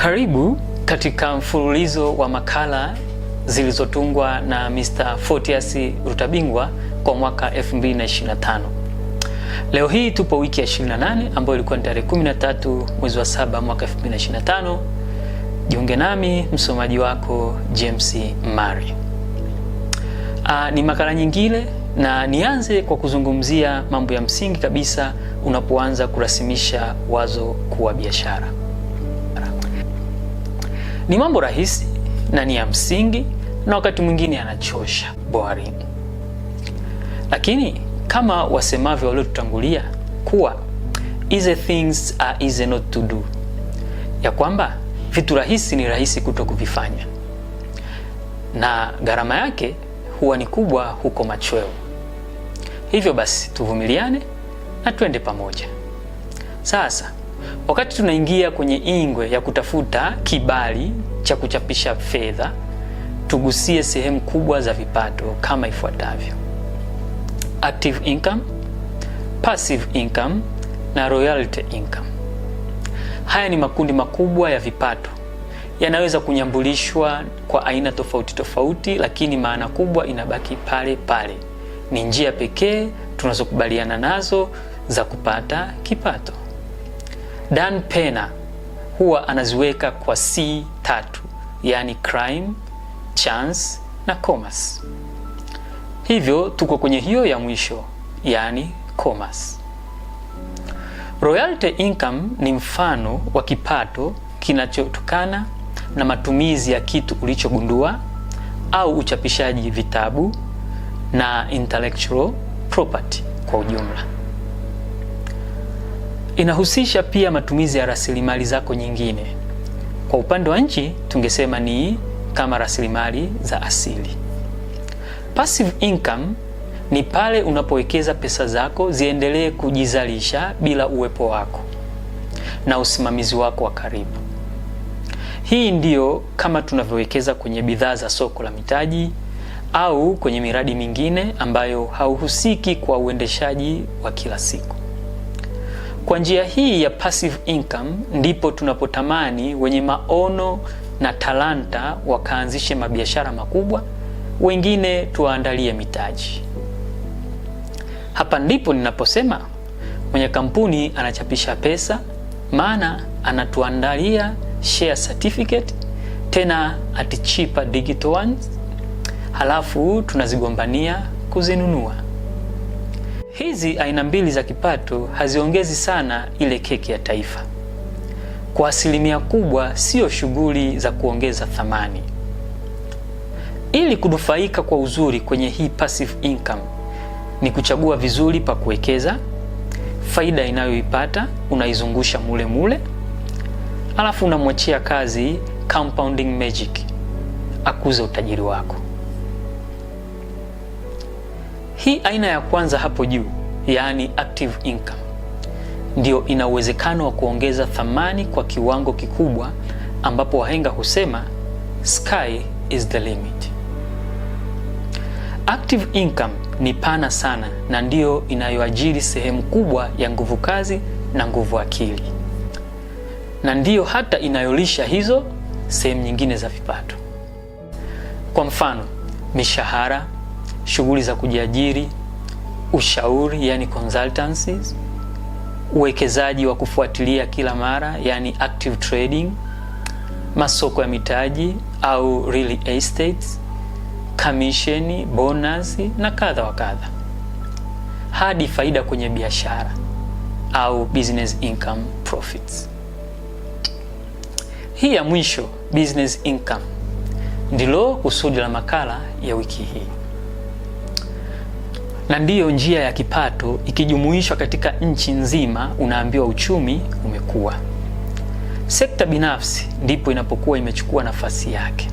Karibu katika mfululizo wa makala zilizotungwa na Mr. Fortius Rutabingwa kwa mwaka 2025. Leo hii tupo wiki ya 28 ambayo ilikuwa ni tarehe 13 mwezi wa 7 mwaka 2025. Jiunge nami msomaji wako James Mari. Aa, ah, ni makala nyingine na nianze kwa kuzungumzia mambo ya msingi kabisa unapoanza kurasimisha wazo kuwa biashara. Ni mambo rahisi na ni ya msingi, na wakati mwingine yanachosha boring, lakini kama wasemavyo waliotutangulia kuwa easy things are easy not to do, ya kwamba vitu rahisi ni rahisi kuto kuvifanya na gharama yake huwa ni kubwa huko machweo. Hivyo basi tuvumiliane na twende pamoja. Sasa wakati tunaingia kwenye ingwe ya kutafuta kibali cha kuchapisha fedha, tugusie sehemu kubwa za vipato kama ifuatavyo: active income, passive income na royalty income. Haya ni makundi makubwa ya vipato yanaweza kunyambulishwa kwa aina tofauti tofauti, lakini maana kubwa inabaki pale pale. Ni njia pekee tunazokubaliana nazo za kupata kipato. Dan Pena huwa anaziweka kwa C tatu, yani crime, chance na commerce. Hivyo tuko kwenye hiyo ya mwisho, yaani commerce. Royalty income ni mfano wa kipato kinachotokana na matumizi ya kitu ulichogundua au uchapishaji vitabu na intellectual property kwa ujumla inahusisha pia matumizi ya rasilimali zako nyingine. Kwa upande wa nchi tungesema ni kama rasilimali za asili. Passive income ni pale unapowekeza pesa zako ziendelee kujizalisha bila uwepo wako na usimamizi wako wa karibu. Hii ndiyo kama tunavyowekeza kwenye bidhaa za soko la mitaji au kwenye miradi mingine ambayo hauhusiki kwa uendeshaji wa kila siku. Kwa njia hii ya passive income ndipo tunapotamani wenye maono na talanta wakaanzishe mabiashara makubwa, wengine tuwaandalie mitaji. Hapa ndipo ninaposema mwenye kampuni anachapisha pesa, maana anatuandalia share certificate, tena at cheaper digital ones, halafu tunazigombania kuzinunua. Hizi aina mbili za kipato haziongezi sana ile keki ya taifa. Kwa asilimia kubwa sio shughuli za kuongeza thamani. Ili kunufaika kwa uzuri kwenye hii passive income ni kuchagua vizuri pa kuwekeza, faida inayoipata unaizungusha mule mule, alafu unamwachia kazi compounding magic akuze utajiri wako. Hii aina ya kwanza hapo juu, yaani active income, ndiyo ina uwezekano wa kuongeza thamani kwa kiwango kikubwa, ambapo wahenga husema sky is the limit. Active income ni pana sana na ndiyo inayoajiri sehemu kubwa ya nguvu kazi na nguvu akili, na ndiyo hata inayolisha hizo sehemu nyingine za vipato, kwa mfano mishahara shughuli za kujiajiri, ushauri yani consultancies, uwekezaji wa kufuatilia kila mara yani active trading, masoko ya mitaji au real estate, kamisheni, bonus na kadha wa kadha, hadi faida kwenye biashara au business income profits. Hii ya mwisho business income ndilo kusudi la makala ya wiki hii na ndiyo njia ya kipato ikijumuishwa katika nchi nzima, unaambiwa uchumi umekuwa. Sekta binafsi ndipo inapokuwa imechukua nafasi yake,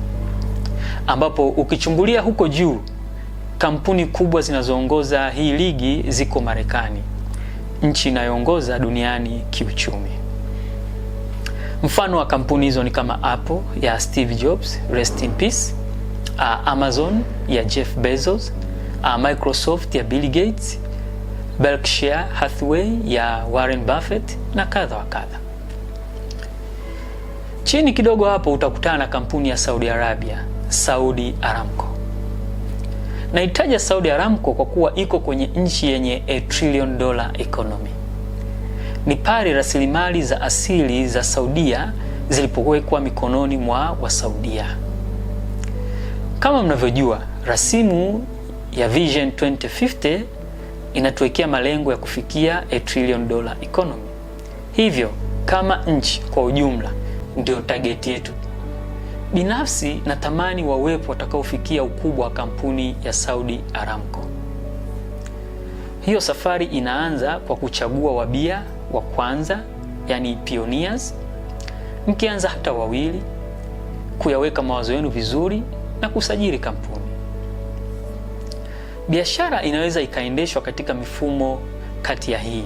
ambapo ukichungulia huko juu, kampuni kubwa zinazoongoza hii ligi ziko Marekani, nchi inayoongoza duniani kiuchumi. Mfano wa kampuni hizo ni kama Apple ya Steve Jobs, rest in peace, Amazon ya Jeff Bezos uh, Microsoft ya Bill Gates, Berkshire Hathaway ya Warren Buffett na kadha wa kadha. Chini kidogo hapo utakutana na kampuni ya Saudi Arabia, Saudi Aramco. Naitaja Saudi Aramco kwa kuwa iko kwenye nchi yenye a trillion dollar economy. Ni pale rasilimali za asili za Saudia zilipowekwa mikononi mwa Wasaudia. Kama mnavyojua, rasimu ya Vision 2050 inatuwekea malengo ya kufikia a trillion dollar economy. Hivyo kama nchi kwa ujumla ndio tageti yetu. Binafsi natamani wawepo watakaofikia ukubwa wa kampuni ya Saudi Aramco. Hiyo safari inaanza kwa kuchagua wabia wa kwanza, yani pioneers, mkianza hata wawili, kuyaweka mawazo yenu vizuri na kusajili kampuni. Biashara inaweza ikaendeshwa katika mifumo kati ya hii.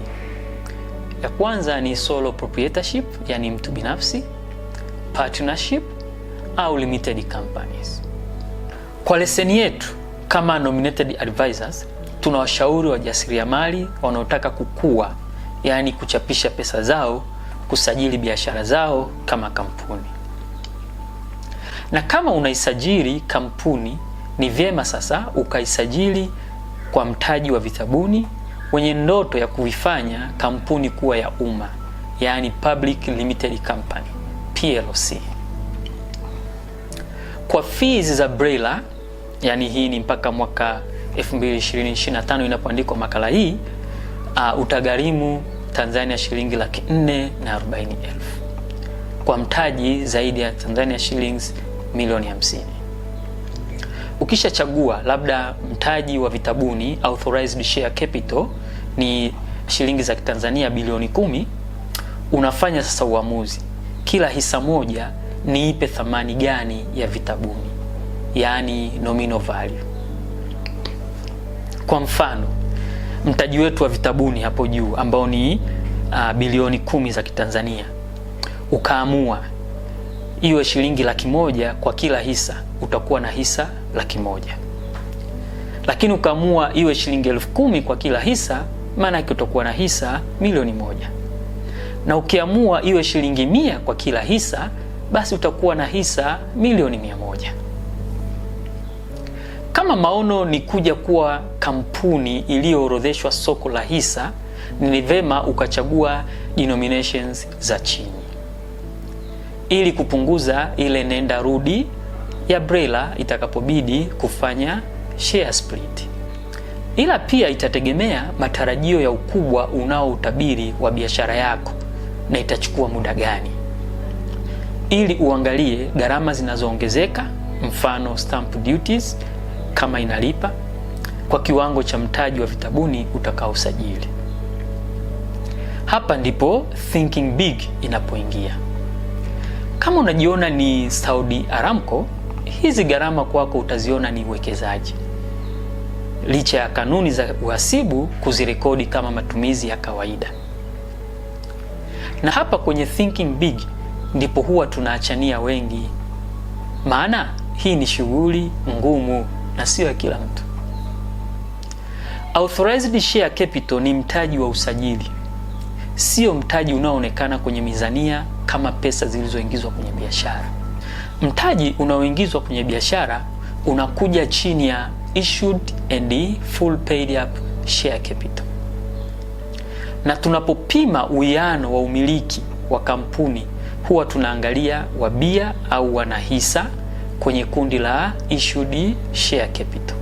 Ya kwanza ni solo proprietorship, yani mtu binafsi, partnership au limited companies. Kwa leseni yetu kama nominated advisors, tunawashauri wajasiriamali wanaotaka kukua, yani kuchapisha pesa zao, kusajili biashara zao kama kampuni. Na kama unaisajili kampuni ni vyema sasa ukaisajili kwa mtaji wa vitabuni wenye ndoto ya kuifanya kampuni kuwa ya umma, yaani public limited company PLC. Kwa fees za BRELA, yani hii ni mpaka mwaka 2025 inapoandikwa makala hii, uh, utagharimu Tanzania shilingi laki nne na arobaini elfu kwa mtaji zaidi ya Tanzania shillings milioni 50. Ukishachagua labda mtaji wa vitabuni authorized share capital ni shilingi za Kitanzania bilioni kumi, unafanya sasa uamuzi, kila hisa moja niipe thamani gani ya vitabuni, yaani nominal value. Kwa mfano mtaji wetu wa vitabuni hapo juu ambao ni uh, bilioni kumi za Kitanzania, ukaamua iwe shilingi laki moja kwa kila hisa, utakuwa na hisa laki moja, lakini ukaamua iwe shilingi elfu kumi kwa kila hisa, maana yake utakuwa na hisa milioni moja, na ukiamua iwe shilingi mia kwa kila hisa, basi utakuwa na hisa milioni mia moja. Kama maono ni kuja kuwa kampuni iliyoorodheshwa soko la hisa, ni vema ukachagua denominations za chini ili kupunguza ile nenda rudi ya BRELA itakapobidi kufanya share split, ila pia itategemea matarajio ya ukubwa unaoutabiri wa biashara yako na itachukua muda gani, ili uangalie gharama zinazoongezeka, mfano stamp duties kama inalipa, kwa kiwango cha mtaji wa vitabuni utakaosajili. Hapa ndipo thinking big inapoingia. Kama unajiona ni Saudi Aramco hizi gharama kwako utaziona ni uwekezaji, licha ya kanuni za uhasibu kuzirekodi kama matumizi ya kawaida. Na hapa kwenye thinking big ndipo huwa tunaachania wengi, maana hii ni shughuli ngumu na sio ya kila mtu. Authorized share capital ni mtaji wa usajili, sio mtaji unaoonekana kwenye mizania kama pesa zilizoingizwa kwenye biashara mtaji unaoingizwa kwenye biashara unakuja chini ya issued and full paid up share capital, na tunapopima uwiano wa umiliki wa kampuni huwa tunaangalia wabia au wanahisa kwenye kundi la issued share capital.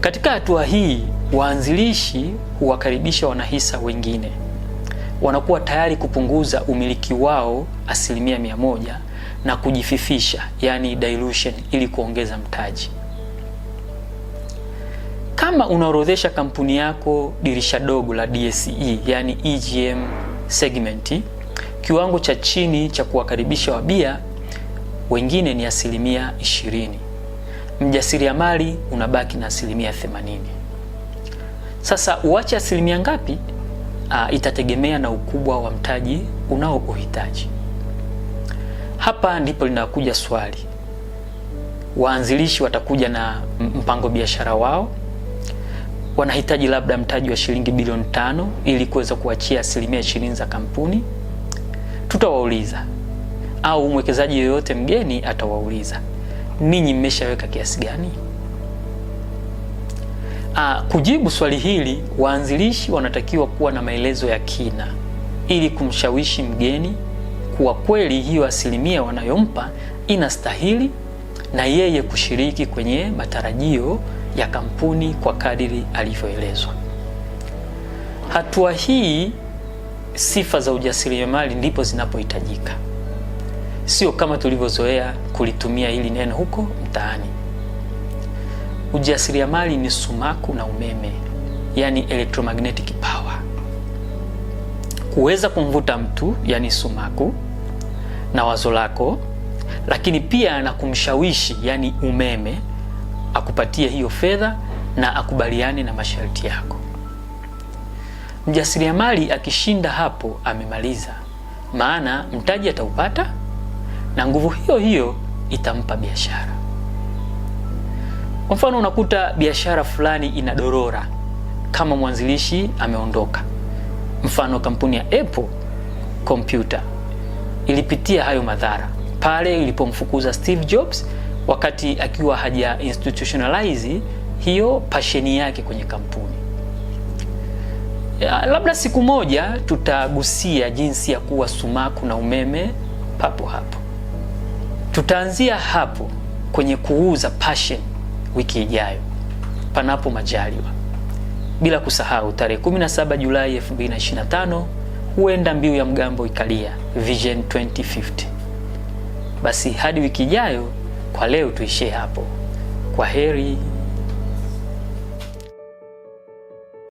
Katika hatua hii, waanzilishi huwakaribisha wanahisa wengine, wanakuwa tayari kupunguza umiliki wao asilimia mia moja na kujififisha, yani dilution, ili kuongeza mtaji. Kama unaorodhesha kampuni yako dirisha dogo la DSE, yani EGM segment, kiwango cha chini cha kuwakaribisha wabia wengine ni asilimia 20. Mjasiriamali unabaki na asilimia 80. Sasa uache asilimia ngapi? Aa, ah, itategemea na ukubwa wa mtaji unaouhitaji. Hapa ndipo linakuja swali, waanzilishi watakuja na mpango biashara wao, wanahitaji labda mtaji wa shilingi bilioni tano ili kuweza kuachia asilimia ishirini za kampuni. Tutawauliza au mwekezaji yoyote mgeni atawauliza, ninyi mmeshaweka kiasi gani? Ah, kujibu swali hili waanzilishi wanatakiwa kuwa na maelezo ya kina ili kumshawishi mgeni kuwa kweli hiyo asilimia wanayompa inastahili na yeye kushiriki kwenye matarajio ya kampuni kwa kadiri alivyoelezwa. Hatua hii, sifa za ujasiriamali ndipo zinapohitajika, sio kama tulivyozoea kulitumia hili neno huko mtaani. Ujasiriamali ni sumaku na umeme, yani electromagnetic power. Kuweza kumvuta mtu, yani sumaku, na wazo lako, lakini pia na kumshawishi yani umeme akupatie hiyo fedha na akubaliane na masharti yako. Mjasiriamali akishinda hapo amemaliza, maana mtaji ataupata na nguvu hiyo hiyo itampa biashara. Kwa mfano, unakuta biashara fulani inadorora kama mwanzilishi ameondoka, mfano kampuni ya Apple kompyuta ilipitia hayo madhara pale ilipomfukuza Steve Jobs wakati akiwa haja institutionalize hiyo pasheni yake kwenye kampuni. Ya, labda siku moja tutagusia jinsi ya kuwa sumaku na umeme papo hapo. Tutaanzia hapo kwenye kuuza passion wiki ijayo panapo majaliwa, bila kusahau tarehe 17 Julai 2025 huenda mbiu ya mgambo ikalia Vision 2050. Basi hadi wiki ijayo, kwa leo tuishie hapo. Kwa heri.